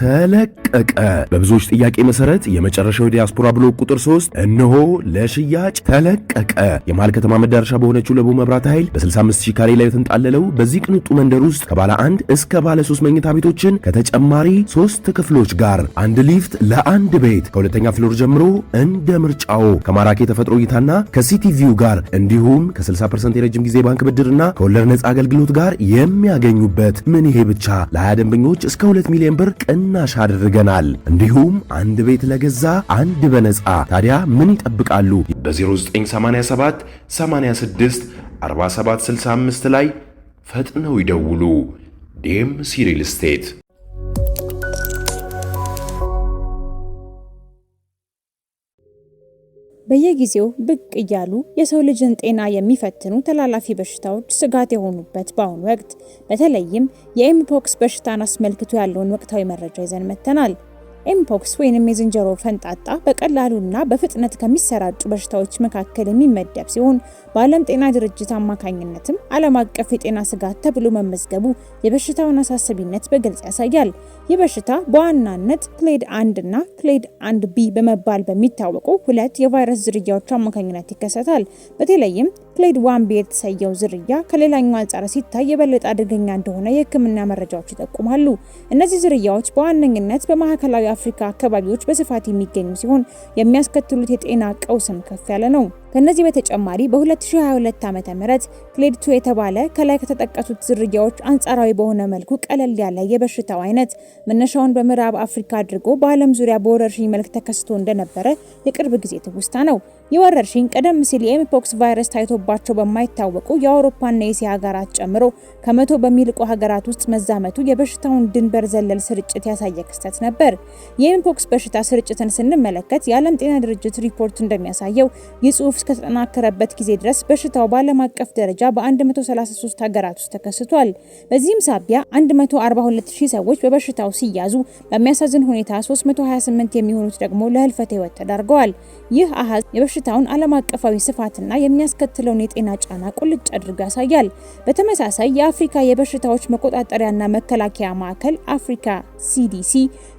ተለቀቀ። በብዙዎች ጥያቄ መሰረት የመጨረሻው ዲያስፖራ ብሎክ ቁጥር 3 እነሆ ለሽያጭ ተለቀቀ። የመሃል ከተማ መዳረሻ በሆነችው ለቡ መብራት ኃይል በ65000 ካሬ ላይ የተንጣለለው በዚህ ቅንጡ መንደር ውስጥ ከባለ አንድ እስከ ባለ 3 መኝታ ቤቶችን ከተጨማሪ 3 ክፍሎች ጋር አንድ ሊፍት ለአንድ ቤት ከሁለተኛ ፍሎር ጀምሮ እንደ ምርጫው ከማራኪ የተፈጥሮ እይታና ከሲቲቪው ጋር እንዲሁም ከ60% የረጅም ጊዜ ባንክ ብድርና ከወለድ ነፃ አገልግሎት ጋር የሚያገኙበት ምን ይሄ ብቻ ለሀያ ደንበኞች እስከ 2 ሚሊዮን ብር ቅን ቅናሽ አድርገናል። እንዲሁም አንድ ቤት ለገዛ አንድ በነፃ። ታዲያ ምን ይጠብቃሉ? በ0987 86 4765 ላይ ፈጥነው ይደውሉ። ዴም ሲሪል ስቴት በየጊዜው ብቅ እያሉ የሰው ልጅን ጤና የሚፈትኑ ተላላፊ በሽታዎች ስጋት የሆኑበት በአሁኑ ወቅት በተለይም የኤምፖክስ በሽታን አስመልክቶ ያለውን ወቅታዊ መረጃ ይዘን መጥተናል። ኤምፖክስ ወይንም የዝንጀሮ ፈንጣጣ በቀላሉና በፍጥነት ከሚሰራጩ በሽታዎች መካከል የሚመደብ ሲሆን በዓለም ጤና ድርጅት አማካኝነትም ዓለም አቀፍ የጤና ስጋት ተብሎ መመዝገቡ የበሽታውን አሳሳቢነት በግልጽ ያሳያል። ይህ በሽታ በዋናነት ክሌድ አንድ እና ክሌድ አንድ ቢ በመባል በሚታወቁ ሁለት የቫይረስ ዝርያዎች አማካኝነት ይከሰታል። በተለይም ክሌድ ዋን የተሰየው ዝርያ ከሌላኛው አንጻር ሲታይ የበለጠ አደገኛ እንደሆነ የሕክምና መረጃዎች ይጠቁማሉ። እነዚህ ዝርያዎች በዋነኝነት በማዕከላዊ አፍሪካ አካባቢዎች በስፋት የሚገኙ ሲሆን የሚያስከትሉት የጤና ቀውስም ከፍ ያለ ነው። ከነዚህ በተጨማሪ በ2022 ዓ.ም ክሌድ 2 የተባለ ከላይ ከተጠቀሱት ዝርያዎች አንጻራዊ በሆነ መልኩ ቀለል ያለ የበሽታው አይነት መነሻውን በምዕራብ አፍሪካ አድርጎ በዓለም ዙሪያ በወረርሽኝ መልክ ተከስቶ እንደነበረ የቅርብ ጊዜ ትውስታ ነው። ይህ ወረርሽኝ ቀደም ሲል የኤምፖክስ ቫይረስ ታይቶባቸው በማይታወቁ የአውሮፓና የእስያ ሀገራት ጨምሮ ከመቶ በሚልቁ ሀገራት ውስጥ መዛመቱ የበሽታውን ድንበር ዘለል ስርጭት ያሳየ ክስተት ነበር። የኤምፖክስ በሽታ ስርጭትን ስንመለከት የዓለም ጤና ድርጅት ሪፖርት እንደሚያሳየው ይህ እስከተጠናከረበት ጊዜ ድረስ በሽታው በዓለም አቀፍ ደረጃ በ133 ሀገራት ውስጥ ተከስቷል። በዚህም ሳቢያ 142000 ሰዎች በበሽታው ሲያዙ በሚያሳዝን ሁኔታ 328 የሚሆኑት ደግሞ ለህልፈተ ህይወት ተዳርገዋል። ይህ አሃዝ የበሽታውን ዓለም አቀፋዊ ስፋትና የሚያስከትለውን የጤና ጫና ቁልጭ አድርጎ ያሳያል። በተመሳሳይ የአፍሪካ የበሽታዎች መቆጣጠሪያና መከላከያ ማዕከል አፍሪካ ሲዲሲ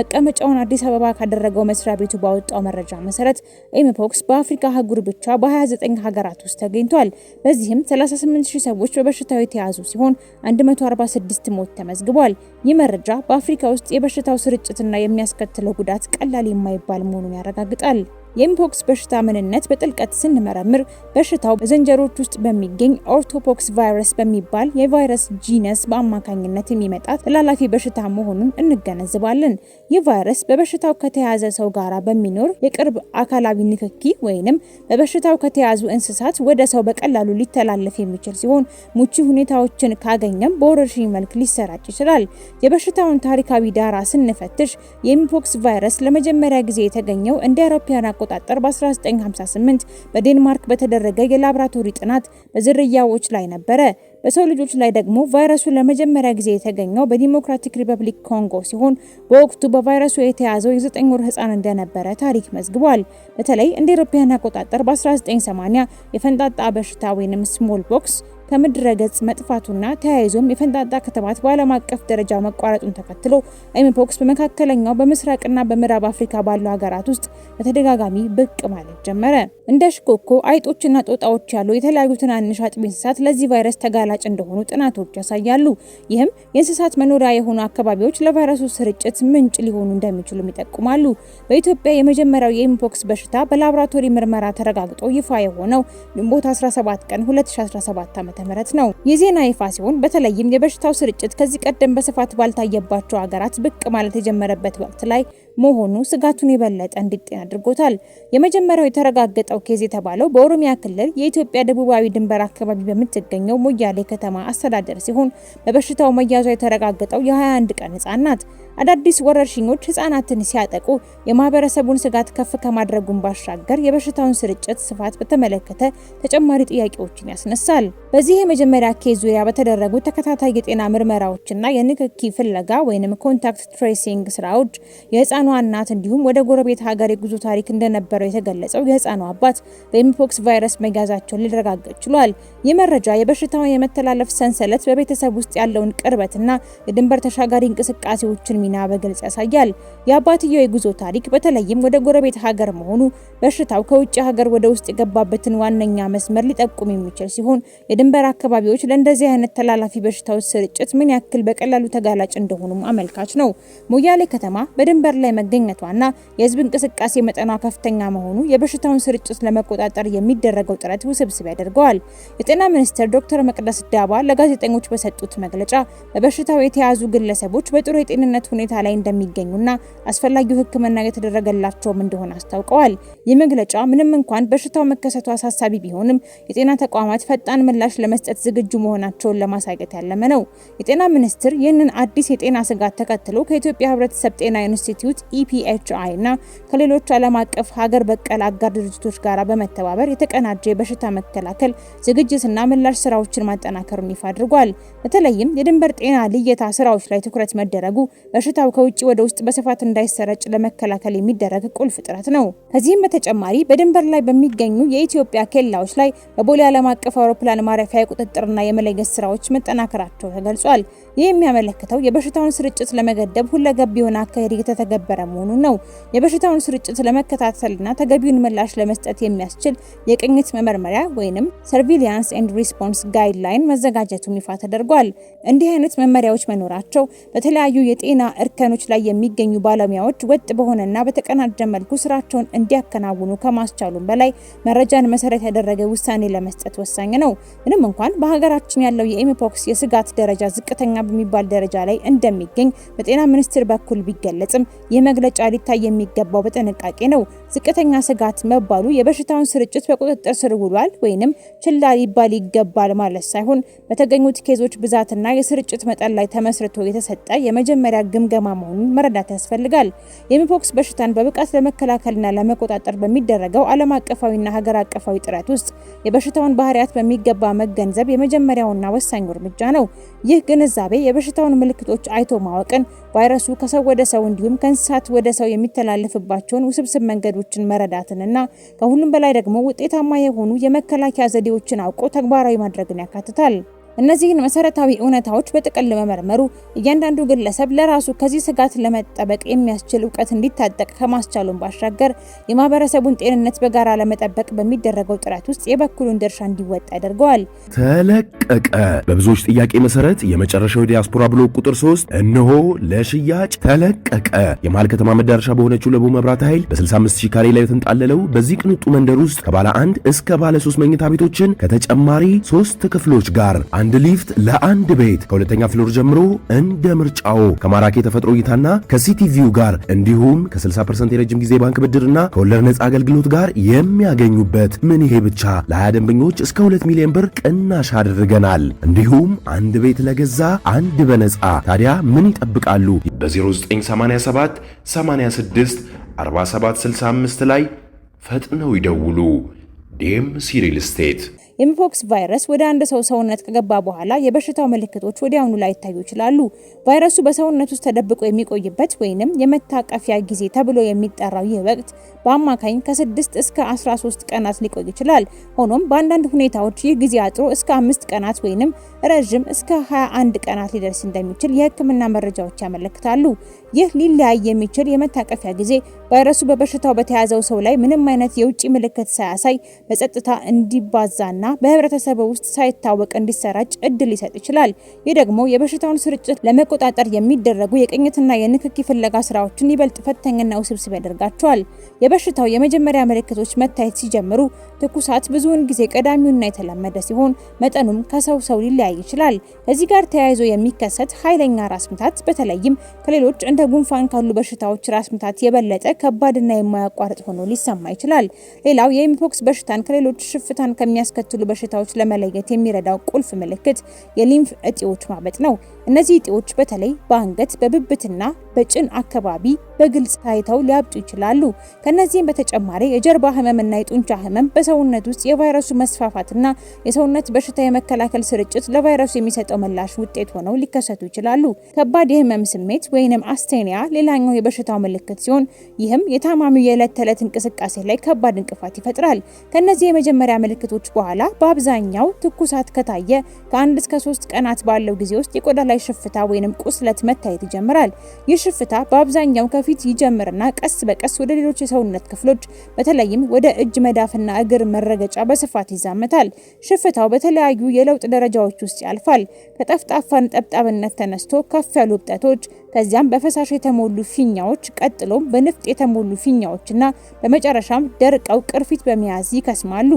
መቀመጫውን አዲስ አበባ ካደረገው መስሪያ ቤቱ ባወጣው መረጃ መሰረት ኤምፖክስ በአፍሪካ አህጉር ብቻ በ29 ሀገራት ውስጥ ተገኝቷል። በዚህም 38000 ሰዎች በበሽታው የተያዙ ሲሆን 146 ሞት ተመዝግቧል። ይህ መረጃ በአፍሪካ ውስጥ የበሽታው ስርጭትና የሚያስከትለው ጉዳት ቀላል የማይባል መሆኑን ያረጋግጣል። የኤምፖክስ በሽታ ምንነት በጥልቀት ስንመረምር በሽታው በዝንጀሮች ውስጥ በሚገኝ ኦርቶፖክስ ቫይረስ በሚባል የቫይረስ ጂነስ በአማካኝነት የሚመጣ ተላላፊ በሽታ መሆኑን እንገነዝባለን። ይህ ቫይረስ በበሽታው ከተያዘ ሰው ጋራ በሚኖር የቅርብ አካላዊ ንክኪ ወይንም በበሽታው ከተያዙ እንስሳት ወደ ሰው በቀላሉ ሊተላለፍ የሚችል ሲሆን ምቹ ሁኔታዎችን ካገኘም በወረርሽኝ መልክ ሊሰራጭ ይችላል። የበሽታውን ታሪካዊ ዳራ ስንፈትሽ የኤምፖክስ ቫይረስ ለመጀመሪያ ጊዜ የተገኘው እንደ አውሮፓውያን አቆጣጠር በ1958 በዴንማርክ በተደረገ የላብራቶሪ ጥናት በዝርያዎች ላይ ነበረ። በሰው ልጆች ላይ ደግሞ ቫይረሱ ለመጀመሪያ ጊዜ የተገኘው በዲሞክራቲክ ሪፐብሊክ ኮንጎ ሲሆን በወቅቱ በቫይረሱ የተያዘው የዘጠኝ ወር ህፃን እንደነበረ ታሪክ መዝግቧል። በተለይ እንደ አውሮፓውያን አቆጣጠር በ1980 የፈንጣጣ በሽታ ወይም ስሞል ቦክስ ከምድረ ገጽ መጥፋቱና ተያይዞም የፈንጣጣ ክትባት በዓለም አቀፍ ደረጃ መቋረጡን ተከትሎ ኤምፖክስ በመካከለኛው በምስራቅና በምዕራብ አፍሪካ ባሉ ሀገራት ውስጥ በተደጋጋሚ ብቅ ማለት ጀመረ። እንደ ሽኮኮ አይጦችና ጦጣዎች ያሉ የተለያዩ ትናንሽ አጥቢ እንስሳት ለዚህ ቫይረስ ተጋላጭ እንደሆኑ ጥናቶች ያሳያሉ። ይህም የእንስሳት መኖሪያ የሆኑ አካባቢዎች ለቫይረሱ ስርጭት ምንጭ ሊሆኑ እንደሚችሉም ይጠቁማሉ። በኢትዮጵያ የመጀመሪያው የኢምፖክስ በሽታ በላብራቶሪ ምርመራ ተረጋግጦ ይፋ የሆነው ግንቦት 17 ቀን 2017 ዓ ነው። የዜና ዜና ይፋ ሲሆን በተለይም የበሽታው ስርጭት ከዚህ ቀደም በስፋት ባልታየባቸው ሀገራት ብቅ ማለት የጀመረበት ወቅት ላይ መሆኑ ስጋቱን የበለጠ እንዲጤን አድርጎታል። የመጀመሪያው የተረጋገጠው ኬዝ የተባለው በኦሮሚያ ክልል የኢትዮጵያ ደቡባዊ ድንበር አካባቢ በምትገኘው ሞያሌ ከተማ አስተዳደር ሲሆን በበሽታው መያዟ የተረጋገጠው የ21 ቀን ህጻን ናት። አዳዲስ ወረርሽኞች ህጻናትን ሲያጠቁ የማህበረሰቡን ስጋት ከፍ ከማድረጉን ባሻገር የበሽታውን ስርጭት ስፋት በተመለከተ ተጨማሪ ጥያቄዎችን ያስነሳል። በዚህ የመጀመሪያ ኬዝ ዙሪያ በተደረጉ ተከታታይ የጤና ምርመራዎችና የንክኪ ፍለጋ ወይም ኮንታክት ትሬሲንግ ስራዎች የህፃኗ እናት እንዲሁም ወደ ጎረቤት ሀገር የጉዞ ታሪክ እንደነበረው የተገለጸው የህፃኗ አባት በኤምፖክስ ቫይረስ መያዛቸውን ሊረጋገጥ ችሏል። ይህ መረጃ የበሽታውን የመተላለፍ ሰንሰለት በቤተሰብ ውስጥ ያለውን ቅርበትና የድንበር ተሻጋሪ እንቅስቃሴዎችን ሚና በግልጽ ያሳያል። የአባትየው የጉዞ ታሪክ በተለይም ወደ ጎረቤት ሀገር መሆኑ በሽታው ከውጭ ሀገር ወደ ውስጥ የገባበትን ዋነኛ መስመር ሊጠቁም የሚችል ሲሆን የድንበር አካባቢዎች ለእንደዚህ አይነት ተላላፊ በሽታዎች ስርጭት ምን ያክል በቀላሉ ተጋላጭ እንደሆኑም አመልካች ነው። ሞያሌ ከተማ በድንበር ላይ መገኘቷና የህዝብ እንቅስቃሴ መጠኗ ከፍተኛ መሆኑ የበሽታውን ስርጭት ለመቆጣጠር የሚደረገው ጥረት ውስብስብ ያደርገዋል። የጤና ሚኒስትር ዶክተር መቅደስ ዳባ ለጋዜጠኞች በሰጡት መግለጫ በበሽታው የተያዙ ግለሰቦች በጥሩ የጤንነት ሁኔታ ላይ እንደሚገኙና አስፈላጊው ሕክምና እየተደረገላቸውም እንደሆነ አስታውቀዋል። ይህ መግለጫ ምንም እንኳን በሽታው መከሰቱ አሳሳቢ ቢሆንም የጤና ተቋማት ፈጣን ምላሽ ለመስጠት ዝግጁ መሆናቸውን ለማሳየት ያለመ ነው። የጤና ሚኒስቴር ይህንን አዲስ የጤና ስጋት ተከትሎ ከኢትዮጵያ ሕብረተሰብ ጤና ኢንስቲትዩት ኢፒኤችአይ e እና ከሌሎች ዓለም አቀፍ ሀገር በቀል አጋር ድርጅቶች ጋር በመተባበር የተቀናጀ የበሽታ መከላከል ዝግጅትና ምላሽ ስራዎችን ማጠናከሩን ይፋ አድርጓል። በተለይም የድንበር ጤና ልየታ ስራዎች ላይ ትኩረት መደረጉ በሽታው ከውጭ ወደ ውስጥ በስፋት እንዳይሰራጭ ለመከላከል የሚደረግ ቁልፍ ጥረት ነው። ከዚህም በተጨማሪ በድንበር ላይ በሚገኙ የኢትዮጵያ ኬላዎች ላይ በቦሌ ዓለም አቀፍ አውሮፕላን ማረፊያ የቁጥጥርና የመለየት ስራዎች መጠናከራቸው ተገልጿል። ይህ የሚያመለክተው የበሽታውን ስርጭት ለመገደብ ሁለገብ የሆነ አካሄድ እየተተገበረ መሆኑን ነው። የበሽታውን ስርጭት ለመከታተልና ተገቢውን ምላሽ ለመስጠት የሚያስችል የቅኝት መመርመሪያ ወይም ሰርቪሊያንስ ኤንድ ሪስፖንስ ጋይድላይን መዘጋጀቱን ይፋ ተደርጓል። እንዲህ አይነት መመሪያዎች መኖራቸው በተለያዩ የጤና እርከኖች ላይ የሚገኙ ባለሙያዎች ወጥ በሆነና በተቀናጀ መልኩ ስራቸውን እንዲያከናውኑ ከማስቻሉም በላይ መረጃን መሰረት ያደረገ ውሳኔ ለመስጠት ወሳኝ ነው። ምንም እንኳን በሀገራችን ያለው የኤምፖክስ የስጋት ደረጃ ዝቅተኛ በሚባል ደረጃ ላይ እንደሚገኝ በጤና ሚኒስቴር በኩል ቢገለጽም ይህ መግለጫ ሊታይ የሚገባው በጥንቃቄ ነው። ዝቅተኛ ስጋት መባሉ የበሽታውን ስርጭት በቁጥጥር ስር ውሏል ወይንም ችላ ሊባል ይገባል ማለት ሳይሆን በተገኙት ኬዞች ብዛትና የስርጭት መጠን ላይ ተመስርቶ የተሰጠ የመጀመሪያ ግም ገምገማ መሆኑን መረዳት ያስፈልጋል። የሚፖክስ በሽታን በብቃት ለመከላከልና ለመቆጣጠር በሚደረገው ዓለም አቀፋዊና ሀገር አቀፋዊ ጥረት ውስጥ የበሽታውን ባህሪያት በሚገባ መገንዘብ የመጀመሪያውና ወሳኙ እርምጃ ነው። ይህ ግንዛቤ የበሽታውን ምልክቶች አይቶ ማወቅን፣ ቫይረሱ ከሰው ወደ ሰው እንዲሁም ከእንስሳት ወደ ሰው የሚተላለፍባቸውን ውስብስብ መንገዶችን መረዳትንና ከሁሉም በላይ ደግሞ ውጤታማ የሆኑ የመከላከያ ዘዴዎችን አውቆ ተግባራዊ ማድረግን ያካትታል። እነዚህን መሰረታዊ እውነታዎች በጥቅል መመርመሩ እያንዳንዱ ግለሰብ ለራሱ ከዚህ ስጋት ለመጠበቅ የሚያስችል እውቀት እንዲታጠቅ ከማስቻሉን ባሻገር የማህበረሰቡን ጤንነት በጋራ ለመጠበቅ በሚደረገው ጥረት ውስጥ የበኩሉን ድርሻ እንዲወጣ ያደርገዋል። ተለቀቀ። በብዙዎች ጥያቄ መሰረት የመጨረሻው ዲያስፖራ ብሎክ ቁጥር 3 እነሆ ለሽያጭ ተለቀቀ። የመሀል ከተማ መዳረሻ በሆነችው ለቡ መብራት ኃይል በ65 ሺህ ካሬ ላይ የተንጣለለው በዚህ ቅንጡ መንደር ውስጥ ከባለ አንድ እስከ ባለ ሶስት መኝታ ቤቶችን ከተጨማሪ ሶስት ክፍሎች ጋር አንድ ሊፍት ለአንድ ቤት ከሁለተኛ ፍሎር ጀምሮ እንደ ምርጫዎ ከማራኪ የተፈጥሮ እይታና ከሲቲቪው ጋር እንዲሁም ከ60% የረጅም ጊዜ ባንክ ብድርና ከወለድ ነፃ አገልግሎት ጋር የሚያገኙበት። ምን ይሄ ብቻ! ለሀያ ደንበኞች እስከ 2 ሚሊዮን ብር ቅናሽ አድርገናል። እንዲሁም አንድ ቤት ለገዛ አንድ በነፃ። ታዲያ ምን ይጠብቃሉ? በ0987 86 4765 ላይ ፈጥነው ይደውሉ። ዴም ሲሪል ስቴት የሚፖክስ ቫይረስ ወደ አንድ ሰው ሰውነት ከገባ በኋላ የበሽታው ምልክቶች ወዲያውኑ ላይታዩ ይችላሉ። ቫይረሱ በሰውነት ውስጥ ተደብቆ የሚቆይበት ወይንም የመታቀፊያ ጊዜ ተብሎ የሚጠራው ይህ ወቅት በአማካኝ ከ6 እስከ 13 ቀናት ሊቆይ ይችላል። ሆኖም በአንዳንድ ሁኔታዎች ይህ ጊዜ አጥሮ እስከ አምስት ቀናት ወይንም ረዥም እስከ 21 ቀናት ሊደርስ እንደሚችል የሕክምና መረጃዎች ያመለክታሉ። ይህ ሊለያይ የሚችል የመታቀፊያ ጊዜ ቫይረሱ በበሽታው በተያዘው ሰው ላይ ምንም አይነት የውጭ ምልክት ሳያሳይ በጸጥታ እንዲባዛና በህብረተሰቡ ውስጥ ሳይታወቅ እንዲሰራጭ እድል ሊሰጥ ይችላል። ይህ ደግሞ የበሽታውን ስርጭት ለመቆጣጠር የሚደረጉ የቅኝትና የንክኪ ፍለጋ ስራዎችን ይበልጥ ፈታኝና ውስብስብ ያደርጋቸዋል። የበሽታው የመጀመሪያ ምልክቶች መታየት ሲጀምሩ ትኩሳት ብዙውን ጊዜ ቀዳሚውና የተለመደ ሲሆን መጠኑም ከሰው ሰው ሊለያይ ይችላል። ከዚህ ጋር ተያይዞ የሚከሰት ኃይለኛ ራስ ምታት በተለይም ከሌሎች እንደ ጉንፋን ካሉ በሽታዎች ራስ ምታት የበለጠ ከባድና የማያቋርጥ ሆኖ ሊሰማ ይችላል። ሌላው የኢምፖክስ በሽታን ከሌሎች ሽፍታን ከሚያስከትሉ በሽታዎች ለመለየት የሚረዳው ቁልፍ ምልክት የሊምፍ እጢዎች ማበጥ ነው። እነዚህ እጢዎች በተለይ በአንገት በብብትና በጭን አካባቢ በግልጽ ታይተው ሊያብጡ ይችላሉ። ከነዚህም በተጨማሪ የጀርባ ህመምና የጡንቻ ህመም በሰውነት ውስጥ የቫይረሱ መስፋፋትና የሰውነት በሽታ የመከላከል ስርጭት ለቫይረሱ የሚሰጠው ምላሽ ውጤት ሆነው ሊከሰቱ ይችላሉ። ከባድ የህመም ስሜት ወይንም አስቴኒያ ሌላኛው የበሽታው ምልክት ሲሆን ይህም የታማሚው የዕለት ተዕለት እንቅስቃሴ ላይ ከባድ እንቅፋት ይፈጥራል። ከነዚህ የመጀመሪያ ምልክቶች በኋላ በአብዛኛው ትኩሳት ከታየ ከአንድ እስከ ሶስት ቀናት ባለው ጊዜ ውስጥ የቆዳ ላይ ሽፍታ ወይንም ቁስለት መታየት ይጀምራል። ይህ ሽፍታ በአብዛኛው ከፊት ይጀምርና ቀስ በቀስ ወደ ሌሎች የሰውነት ክፍሎች በተለይም ወደ እጅ መዳፍና እግር መረገጫ በስፋት ይዛመታል። ሽፍታው በተለያዩ የለውጥ ደረጃዎች ውስጥ ያልፋል። ከጠፍጣፋ ነጠብጣብነት ተነስቶ ከፍ ያሉ እብጠቶች፣ ከዚያም በፈሳሽ የተሞሉ ፊኛዎች፣ ቀጥሎም በንፍጥ የተሞሉ ፊኛዎችና በመጨረሻም ደርቀው ቅርፊት በመያዝ ይከስማሉ።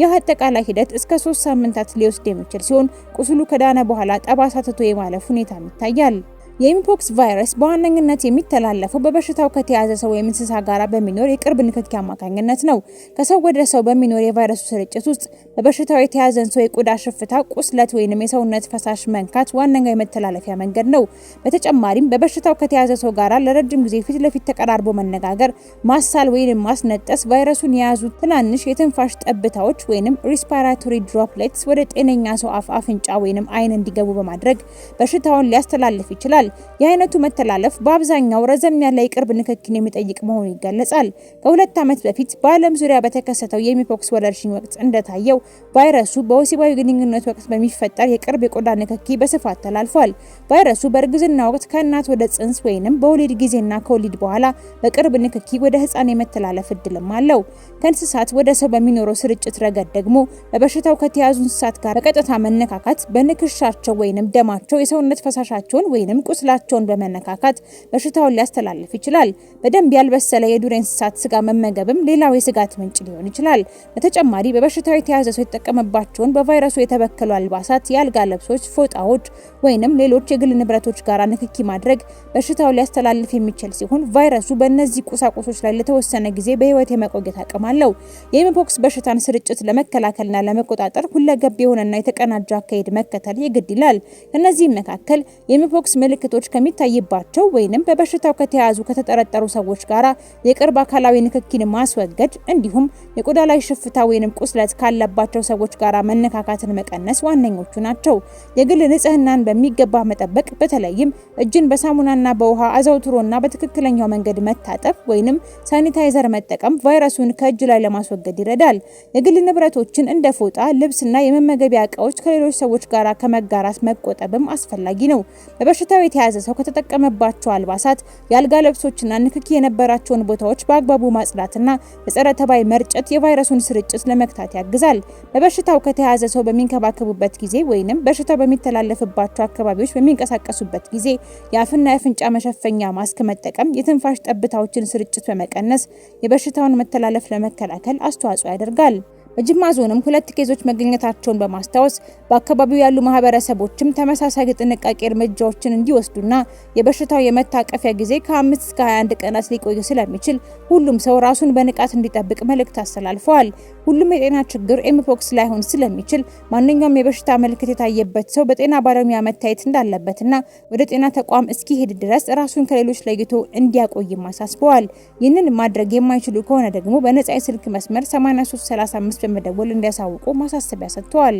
ይህ አጠቃላይ ሂደት እስከ ሶስት ሳምንታት ሊወስድ የሚችል ሲሆን ቁስሉ ከዳነ በኋላ ጠባሳ ትቶ የማለፍ ሁኔታም ይታያል። የኢምፖክስ ቫይረስ በዋነኝነት የሚተላለፈው በበሽታው ከተያዘ ሰው ወይም እንስሳ ጋር በሚኖር የቅርብ ንክኪ አማካኝነት ነው። ከሰው ወደ ሰው በሚኖር የቫይረሱ ስርጭት ውስጥ በበሽታው የተያዘን ሰው የቆዳ ሽፍታ፣ ቁስለት ወይም የሰውነት ፈሳሽ መንካት ዋነኛ የመተላለፊያ መንገድ ነው። በተጨማሪም በበሽታው ከተያዘ ሰው ጋር ለረጅም ጊዜ ፊት ለፊት ተቀራርቦ መነጋገር፣ ማሳል ወይም ማስነጠስ ቫይረሱን የያዙ ትናንሽ የትንፋሽ ጠብታዎች ወይም ሪስፓራቶሪ ድሮፕሌትስ ወደ ጤነኛ ሰው አፍ፣ አፍንጫ ወይም አይን እንዲገቡ በማድረግ በሽታውን ሊያስተላልፍ ይችላል። ይገኛል። የአይነቱ መተላለፍ በአብዛኛው ረዘም ያለ የቅርብ ንክኪን የሚጠይቅ መሆኑ ይገለጻል። ከሁለት ዓመት በፊት በዓለም ዙሪያ በተከሰተው የሚፖክስ ወረርሽኝ ወቅት እንደታየው ቫይረሱ በወሲባዊ ግንኙነት ወቅት በሚፈጠር የቅርብ የቆዳ ንክኪ በስፋት ተላልፏል። ቫይረሱ በእርግዝና ወቅት ከእናት ወደ ጽንስ ወይንም በወሊድ ጊዜና ከወሊድ በኋላ በቅርብ ንክኪ ወደ ህፃን የመተላለፍ እድልም አለው። ከእንስሳት ወደ ሰው በሚኖረው ስርጭት ረገድ ደግሞ በበሽታው ከተያዙ እንስሳት ጋር በቀጥታ መነካካት በንክሻቸው ወይንም ደማቸው፣ የሰውነት ፈሳሻቸውን ወይንም ቁስላቸውን በመነካካት በሽታውን ሊያስተላልፍ ይችላል። በደንብ ያልበሰለ የዱር እንስሳት ስጋ መመገብም ሌላው የስጋት ምንጭ ሊሆን ይችላል። በተጨማሪ በበሽታው የተያዘ ሰው የተጠቀመባቸውን በቫይረሱ የተበከሉ አልባሳት፣ የአልጋ ልብሶች፣ ፎጣዎች ወይንም ሌሎች የግል ንብረቶች ጋር ንክኪ ማድረግ በሽታው ሊያስተላልፍ የሚችል ሲሆን ቫይረሱ በእነዚህ ቁሳቁሶች ላይ ለተወሰነ ጊዜ በህይወት የመቆየት አቅም አለው። የኤምፖክስ በሽታን ስርጭት ለመከላከልና ለመቆጣጠር ሁለገብ የሆነና የተቀናጀ አካሄድ መከተል ይግድ ይላል። ከእነዚህም መካከል የኤምፖክስ ምልክት ምልክቶች ከሚታይባቸው ወይንም በበሽታው ከተያዙ ከተጠረጠሩ ሰዎች ጋር የቅርብ አካላዊ ንክኪን ማስወገድ እንዲሁም የቆዳ ላይ ሽፍታ ወይንም ቁስለት ካለባቸው ሰዎች ጋር መነካካትን መቀነስ ዋነኞቹ ናቸው። የግል ንጽህናን በሚገባ መጠበቅ በተለይም እጅን በሳሙናና በውሃ አዘውትሮና በትክክለኛው መንገድ መታጠብ ወይንም ሳኒታይዘር መጠቀም ቫይረሱን ከእጅ ላይ ለማስወገድ ይረዳል። የግል ንብረቶችን እንደ ፎጣ፣ ልብስና የመመገቢያ እቃዎች ከሌሎች ሰዎች ጋር ከመጋራት መቆጠብም አስፈላጊ ነው። በበሽታው የተያዘ ሰው ከተጠቀመባቸው አልባሳት፣ የአልጋ ልብሶችና ንክኪ የነበራቸውን ቦታዎች በአግባቡ ማጽዳትና በጸረ ተባይ መርጨት የቫይረሱን ስርጭት ለመግታት ያግዛል። በበሽታው ከተያዘ ሰው በሚንከባከቡበት ጊዜ ወይንም በሽታው በሚተላለፍባቸው አካባቢዎች በሚንቀሳቀሱበት ጊዜ የአፍና የአፍንጫ መሸፈኛ ማስክ መጠቀም የትንፋሽ ጠብታዎችን ስርጭት በመቀነስ የበሽታውን መተላለፍ ለመከላከል አስተዋጽኦ ያደርጋል። በጅማ ዞንም ሁለት ኬዞች መገኘታቸውን በማስታወስ በአካባቢው ያሉ ማህበረሰቦችም ተመሳሳይ የጥንቃቄ እርምጃዎችን እንዲወስዱና የበሽታው የመታቀፊያ ጊዜ ከ5 እስከ 21 ቀናት ሊቆይ ስለሚችል ሁሉም ሰው ራሱን በንቃት እንዲጠብቅ መልእክት አስተላልፈዋል። ሁሉም የጤና ችግር ኤምፖክስ ላይሆን ስለሚችል ማንኛውም የበሽታ ምልክት የታየበት ሰው በጤና ባለሙያ መታየት እንዳለበትና ወደ ጤና ተቋም እስኪሄድ ድረስ ራሱን ከሌሎች ለይቶ እንዲያቆይም አሳስበዋል። ይህንን ማድረግ የማይችሉ ከሆነ ደግሞ በነጻ የስልክ መስመር 8335 በመደወል እንዲያሳውቁ ማሳሰቢያ ሰጥተዋል።